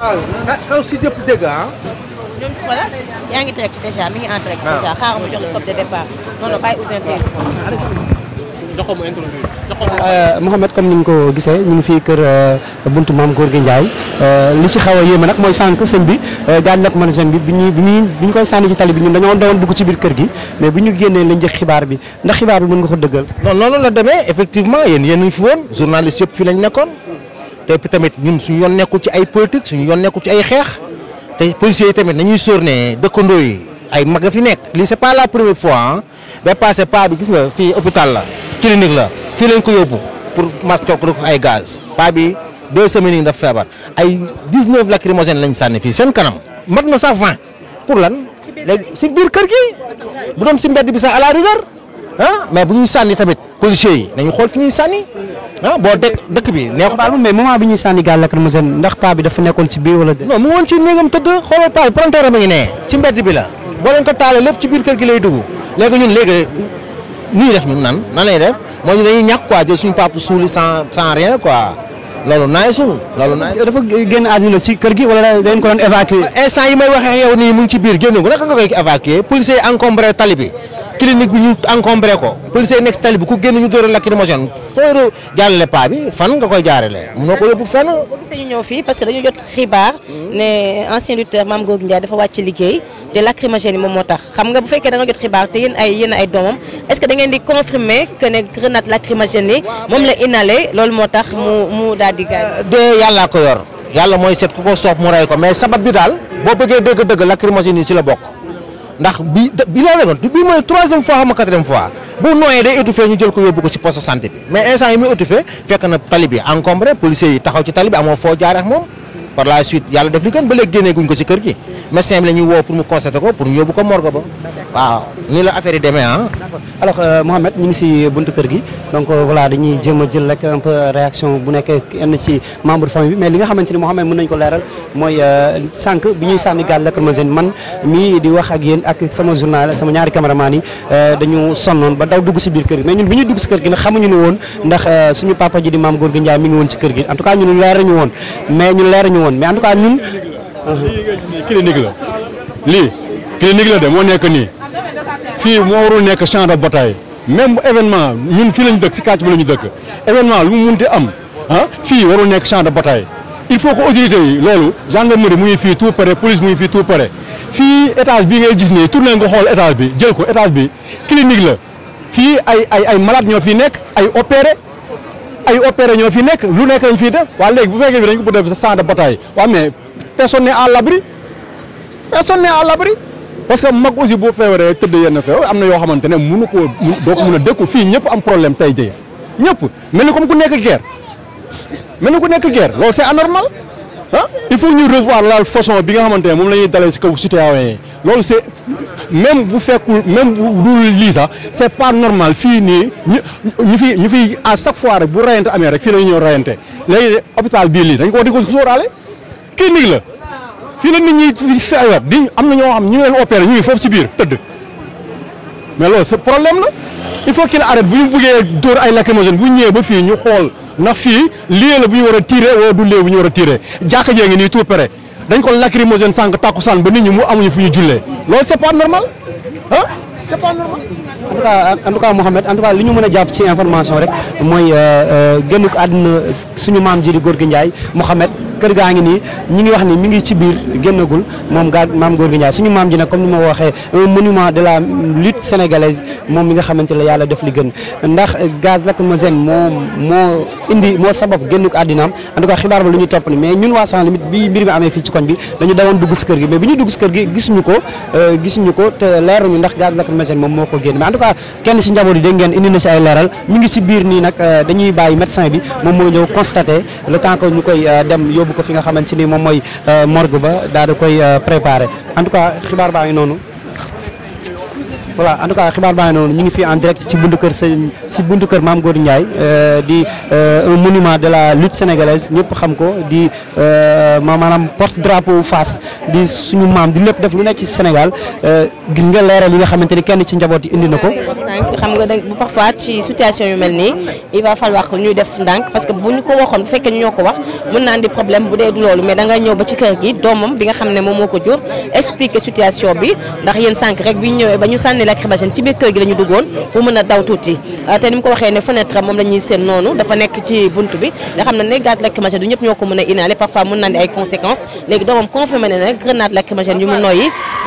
waaw na kaw si jëpp ah. ma jox la top de départ non non bàyyi mu mu. Euh, comme ni nga ko gisee ñu ngi fii kër euh, buntu maam góor gi Ndiaye euh, li ci xaw a yéeme nag mooy sànq sëñ bi gaañ nag man jeune bi bi ñuy bi ñu koy sànni ci tali bi ñun dañoo doon dugg ci biir kër gi mais bu ñu génnee lañ jëkk xibaar bi ndax xibaar bi mën nga ko dëggal. non loolu la demee effectivement yéen yéen fi woon journaliste yëpp fii lañ nekkoon. te tamit ñun suñu yoon nekkul ci ay politique suñu yoon nekkul ci ay xeex te policiers tamit nañuy sóor ne dëkkandoo yi ay mag a fi nekk lii c'est pas la première fois ba passé pas bi gis nga fii hôpital la clinique la fii lañ ko yóbbu pour masque ko ay gaz pas bi deux semaines yi daf feebar ay dix-neuf lacrymogène lañ sànni fii seen kanam mat na sax vingt pour lan léegi si biir kër gi bu doon si mbedd bi sax à la rigueur ah mais bu ñu sànni tamit policiers yi nañu xool fi ñuy sànni boo dëkk dëkk bi neexul. baal mais moment bi ñu sànni gàll lacrymogène ndax paa bi dafa nekkoon si biir wala. non mu woon ci bi a ngi ne ci ko lépp ci biir kër gi lay dugg léegi ñun def ñun nan nan lay def mooy ñu suñu papa suuli sans sans rien quoi loolu naay suul loolu naay. dafa génn gi wala dañ instant yi may waxee yow nii mu ngi ci biir génn ko naka nga koy évacuer policiers yi tali bi clinique bi ñu encombré ko police yi nekk tali ku génn ñu dóor a lacrymogène fooy jàllale paa bi fan nga koy jaarale mënoo ko yóbbu fenn parce que dañu jot xibaar ne ancien lutteur Mame Gorgui Ndiaye dafa wàcc liggéey te lacrymogène yi moom moo tax xam nga bu fekkee da nga jot xibaar te yéen ay doomam est que da di confirmer que ne grenade lacrymogène yi moom la inhalé loolu moo tax mu mu daal di gaañ euh, de yàllaa ko yor yàlla mooy seet ku ko soob ndax bi bi loolu la doon bii mooy troisième fois xam quatrième fois bu nooyee day étouffé ñu jël ko yóbbu ko ci poste santé bi mais instant yi muy étouffé fekk na tali bi encombré yi taxaw ci tali bi foo jaar moom par la suite yàlla def li gën ba léegi génnee guñ ko ci kër gi médecin bi la ñuy pour mu constater ko pour ñu yóbbu ko morgue ba waaw nii la affaire yi demee ah alors euh, Mohamed ñu ngi si buntu kër gi donc euh, voilà dañuy jëm a jël rek un peu réaction bu nekkee yenn ci membre famille bi mais li nga xamante ni ne mën nañu ko leeral mooy euh, sànq bi ñuy sànni gaal lacrymogène man mii di wax ak yéen ak sama journal sama ñaari caméraman yi dañu sonnoon ba daw dugg si biir kër gi mais ñun bi ñuy dugg si kër gi nag xamuñu ne woon ndax suñu papa ji di maam góor gi Ndiaye mi ngi woon ci kër gi en tout cas ñun leer ñu woon mais ñu leer ñu woon mais en ñun clinique la lii clinique la de moo nekk nii fii moo warul nekk champ de bataille même événement ñun fii la ñu dëkk si kàcc bi la ñu dëkk événement lu mu munti am ah fii warul nekk champ de bataille il faut que autorités yi loolu gendarmerie mu ngi fii tout près police mu ngi fii tout pare fii étage bi ngay gis nii tourné nga xool étage bi jël ko étage bi clinique la fii ay ay ay malade ñoo fi nekk ay opéré ay opéré ñoo fi nekk lu nekk lañ fii def waa léegi bu fekkee bi dañ ko bëgg def champ de bataille waa mais personne n'est à l'abri parce que mag aussi boo feebaree tëdd yenn feew am na yoo xamante ne mënu koo doo ko mën a dëkku fii ñëpp am problème tey jii ñëpp mel ni comme ku nekk guerre mel ni ku nekk guerre loolu c'est anormal ah il faut ñu revoir laal façon bi nga xamante ne moom la ñuy dalee si kaw citoyen yi loolu c'est même bu fekkul même bu dul lii sax c'est pas normal fii nii ñu ñu fi ñu fi à chaque fois rek bu rayante amee rek fii la ñuy ñëw rayante léegi hôpital bii lii dañ ko di ko sóoraale la. fii la nit ñi di seewaat di am na ñoo xam ñu ngi leen opéré ñu ngi foofu ci biir tëdd mais loolu c'est problème la il faut qu'il arrête bu ñu buggee dóor ay lacrymogène bu ñëwee ba fii ñu xool ndax fii lieu la bu ñu war a tiré wala du lieu bu ñu war a tiire jàkka jee ngi nii tout près dañ ko lacrymogène sànq tàkkusaan ba nit ñi mu amuñu fu ñu jullee loolu c'est pas normal ah c'est pas normal. en li ñu mën a jàpp ci information rek mooy euh, euh, génn ko àdduna suñu maam ji di góor gi Ndiaye Mouhamed kër gaa ngi nii ñi ngi wax ni mi ngi ci biir génnagul moom gaa maam góor gi Ndiaye suñu maam ji nag comme ni ma waxee un monument de la lutte sénégalaise moom mi nga xamante la yàlla def li gën ndax gaz lacrymogène moo moo indi moo sabab génn ko àddinaam en tout cas xibaar ba lu ñuy topp ni mais ñun waa Sans Limites bi mbir mi amee fii ci ñu ko euh, gisuñu ko te leeruñu ndax xamante ne moom moo ko génn mais en tout kenn si njaboot yi dégg indi na si ay leeral mi ngi si biir nii nag euh, dañuy bàyyi médecin bi moom mooy ñëw constaté le temps ñu koy euh, dem yóbbu ko fi nga xamante ni moom mooy euh, morgue ba daa di koy préparé en tout cas xibaar baa ngi noonu voilà en tout cas xibaar baa ngi noonu ñu ngi fii en direct ci buntu kër si buntu kër Mame Gor Ndiaye euh, di euh, un monument de la lutte sénégalaise ñëpp xam ko di euh, maanaam porte drapeau Fass di suñu maam di lépp def lu nekk ci Sénégal gis nga leeral yi nga xamante ni kenn ci njaboot yi indi na ko. xam nga bu parfois ci situation yu mel nii il va falloir que ñuy def ndànk parce que bu ñu ko waxoon bu fekkee ñoo ko wax mën naa indi problème bu dee du loolu mais da nga ba ci kër gi xam ne moom moo ko jur expliquer situation bi lacrymogène ci biir kër gi la ñu duggoon bu mën a daw tuuti euh, te ni mu ko waxee ne fenêtre moom la ñuy seen noonu dafa nekk ci bunt bi nga xam ne ne gaz ñoo ko mën a inhaler parfois mën naan di ay conséquences léegi doomam confirmé ne nag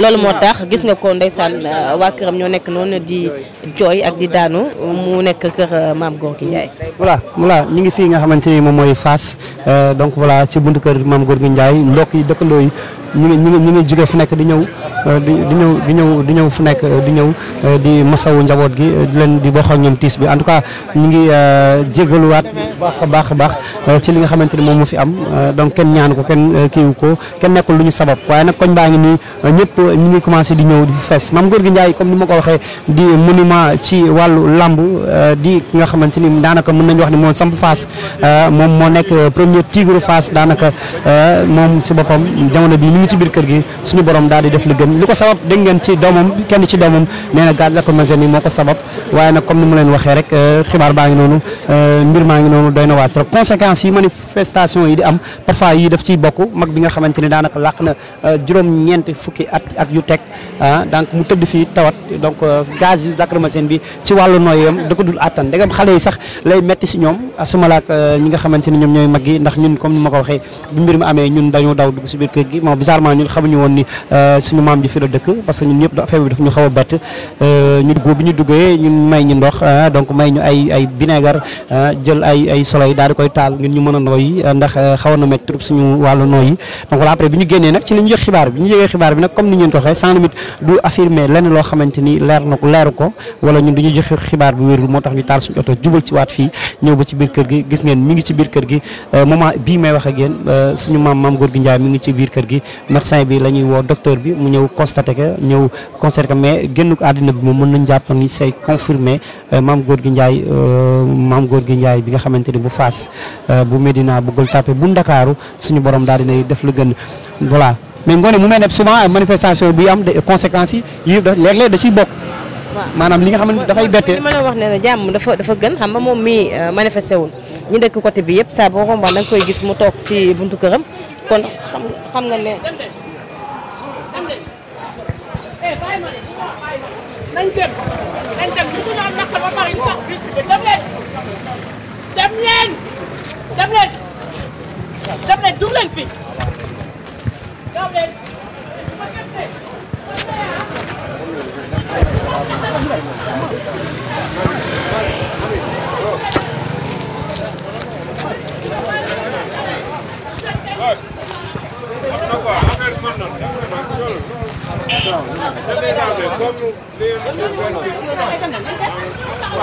loolu moo tax gis nga ko ndeysaan euh, waa këram ñoo nekk noonu di jooy ak di daanu mu nekk kër euh, maam Gorgui Ndiaye voilà voilà ñu ngi fii nga xamante ni moom mooy Fass donc voilà ci buntu kër maam Gorgui Ndiaye mbokk yi dëkkandoo yi ñu ngi ñu ngi ñu ngi jóge fu nekk di ñëw euh, di ñëw di ñëw di ñëw fu nekk euh, di ñëw euh, di masawu njaboot gi di leen di bokk ak ñoom tiis bi en tout cas ñu ngi jégaluwaat baax a baax a baax ci li nga xamante ni moom mu fi am donc kenn ñaan ko kenn kiiwu ko kenn nekkul lu ñu sabab waaye nag koñ baa ngi nii ñëpp ñu ngi commencé di ñëw di fees maam góor gi Ndiaye comme ni ma ko waxee di monument ci wàllu làmb di ki nga xamante ni daanaka mën nañu wax ni moom samp Fass moom moo nekk premier tigre Fass daanaka moom si boppam jamono bi ngi ci biir kër gi suñu borom daal di def li gën li ko sabab dégg ngeen ci doomam kenn ci doomam nee na gaz lacrymogène yi moo ko sabab waaye nag comme ni mu leen waxee rek euh, xibaar baa ngi noonu euh, mbir maa ngi noonu doy na waa trop conséquences yi manifestation yi euh, at ak yu teg ah donc mu tëdd fii tawat donc gaz lacrymogène bi ci wàllu nooyam da ko dul àttan ndegam xale yi sax lay metti si ñoom asumalaak ñi nga xamante ne ñoom ñooy mag yi ndax ñun comme ma ko waxee bi mbir mi amee ñun dañoo daw dugg si biir kër gi bizarrement ñun xamuñu woon ni euh, suñu maam ji fi la dëkk parce que ñu xaw a bett euh, ñu dugg bi ñu duggee ñun may ñu ndox ah, donc may ñu ay ay vinaigre ah, jël ay ay soleil daal di koy a euh, ndax xawoon na métti trop suñu wàllu nooyi donc après bi ñu génnee nag ci la ñu yëg xibaar bi ñu yëgee xibaar bi nag comme ni ñu ko waxee sans du affirmer lenn loo xamante ni leer na leeru ko wala ñun du ñu xibaar bu wérul moo tax ñu taal suñu oto jubal ci waat fii ñëw ba ci biir kër gi gis ngeen mi ngi ci biir kër gi moment bii may wax ak yéen suñu maam maam góor gi Njaay mi ngi ci biir kër gi médecin bi la ñuy woo docteur bi mu ñëw constaté que ñëw constaté que mais génn ko àddina bi moom mën nañ jàpp ni say confirmé euh, maam góor gi njaay euh, maam gi Ndiaye bi nga xamante ni bu Fass euh, bu Médina bu Gueule Tapée bu Ndakaaru suñu borom daal dina def lu gën voilà mais ngoone mu mel ne souvent manifestation bi am de yi yi léeg-léeg da ciy bokk. maanaam li nga xam ne dafay bette. li ne jàmm dafa dafa gën xam nga moom mii manifesté wul ñu dëkk côté bi yëpp saa boo romboon da nga koy gis mu toog ci buntu këram. kon xam nga leen nañ dem nañ dem li ñu doon naqar ba pare ñu sax bi dem leen dem leen dem leen dem leen dugg leen fii dem leen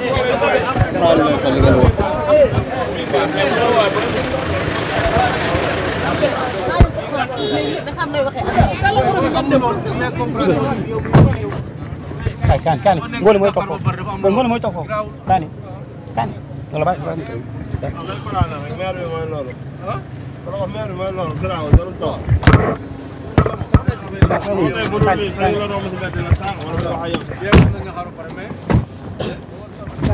ay kaan kaan Ngóole mooy toog foofu Ngóole mooy toog foofu kaan kaan loolu baax na loolu.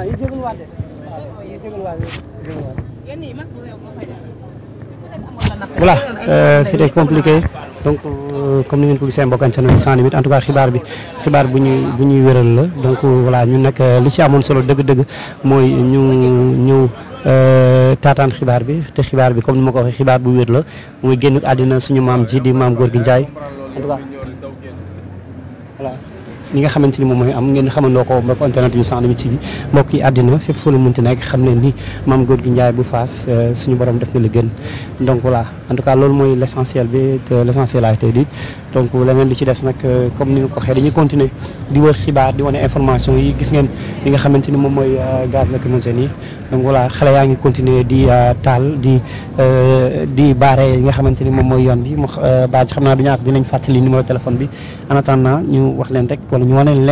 waaw yu jégul waat compliqué donc euh, comme ni ngeen ko gisee mbokkaan seen sans limite en tout cas xibaar bi xibaar bu ñuy bu ñuy wéral la donc euh, voilà ñun nag euh, li ci amoon solo dëgg-dëgg mooy ñu ñëw taataan xibaar bi te xibaar bi comme ni ma ko xibaar bu wér la muy génn àddina suñu maam ji di maam góor gi Njaay li nga xamante ni moom mooy am l' essentiel l' essentiel a nag euh, ni nga ko waxee dañuy continuer di wër xibaar di yi gis ngeen li nga ni moom mooy euh, gaz lacrymogène yi donc voilà xale yaa ngi continuer di euh, taal di di baare ni moom mooy yoon bi mu baaji xam naa du ñàkk dinañ fàttali numéro téléphone bi en attendant ñu wax leen rek ñu wane leen